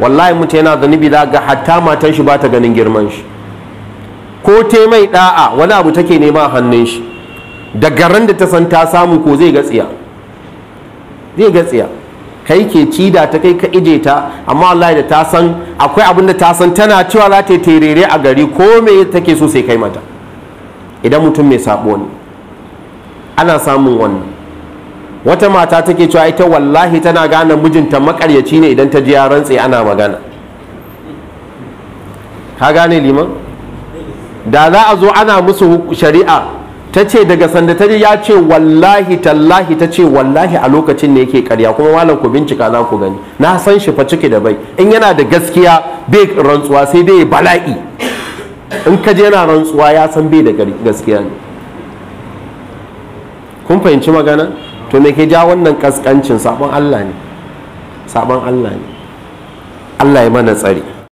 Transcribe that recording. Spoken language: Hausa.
wallahi mutum yana zunubi za ga hatta matan shi ba ta ganin girman shi ko te mai da'a wani abu take nema a hannun shi da garan da ta san ta samu ko zai gatsiya zai gatsiya kai ke cida ta kai ka ije ta amma wallahi da ta san akwai abin da ta san tana cewa za ta yi terere a gari ko me take so sai kai mata idan mutum mai sabo ne ana samun wannan wata mata take cewa ita wallahi tana gane mijinta makaryaci ne idan ta ji ya rantse ana magana ka gane liman da za a zo ana musu shari'a ta ce daga sanda ta ya ce wallahi tallahi ta ce wallahi a lokacin ne yake karya kuma malam ku bincika za ku gani na san shi fa ciki da bai in yana da gaskiya bai rantsuwa sai dai bala'i in ka je yana rantsuwa ya san bai da gaskiya ne kun fahimci magana to me ke ja wannan kaskancin sabon Allah ne sabon Allah ne Allah ya mana tsari